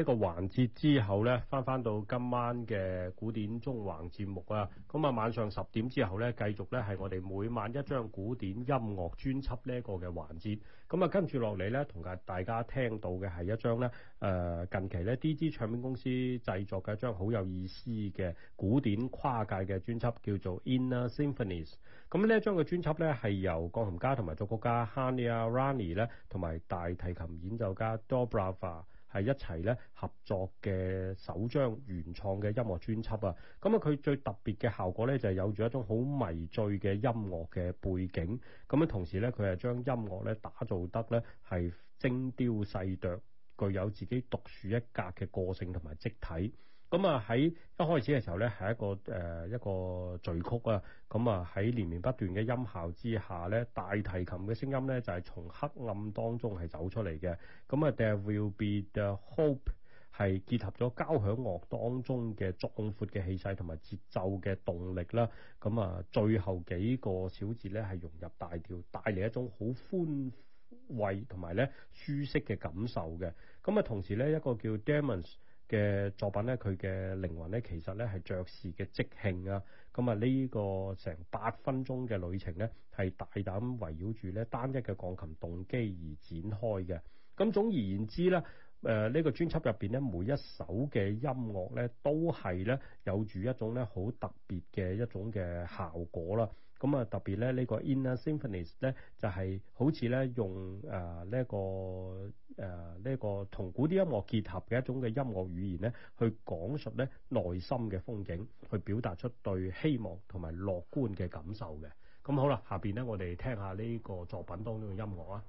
呢個環節之後呢，翻翻到今晚嘅古典縱橫節目啊。咁啊，晚上十點之後呢，繼續呢，係我哋每晚一張古典音樂專輯呢一個嘅環節。咁啊，跟住落嚟呢，同大家聽到嘅係一張呢，誒近期呢 DG 唱片公司製作嘅一張好有意思嘅古典跨界嘅專輯，叫做 Inner Symphonies。咁呢一張嘅專輯呢，係由鋼琴家同埋作曲家 Hania Rani 呢，同埋大提琴演奏家 Dobrava，係一齊咧合作嘅首張原創嘅音樂專輯啊！咁啊，佢最特別嘅效果咧，就係有住一種好迷醉嘅音樂嘅背景，咁啊，同時咧，佢係將音樂咧打造得咧係精雕細琢。具有自己獨樹一格嘅個性同埋積體，咁啊喺一開始嘅時候咧，係一個誒、呃、一個序曲啊，咁啊喺連綿不斷嘅音效之下咧，大提琴嘅聲音咧就係從黑暗當中係走出嚟嘅，咁啊 There will be the hope 係結合咗交響樂當中嘅壯闊嘅氣勢同埋節奏嘅動力啦，咁啊最後幾個小節咧係融入大調，帶嚟一種好寬胃同埋咧舒適嘅感受嘅。咁啊同時咧一個叫 Demons 嘅作品咧，佢嘅靈魂咧其實咧係爵士嘅即興啊，咁啊呢個成八分鐘嘅旅程咧係大膽圍繞住咧單一嘅鋼琴動機而展開嘅，咁總而言之咧誒，呢、呃這個專輯入邊咧每一首嘅音樂咧都係咧有住一種咧好特別嘅一種嘅效果啦。咁啊，特別咧呢個 Inner Symphonies 咧，就係好似咧用誒呢個呃呃呃，呢個誒呢個同古典音樂結合嘅一種嘅音樂語言咧，去講述咧內心嘅風景，去表達出對希望同埋樂觀嘅感受嘅。咁好啦，下邊咧我哋聽下呢個作品當中嘅音樂啊。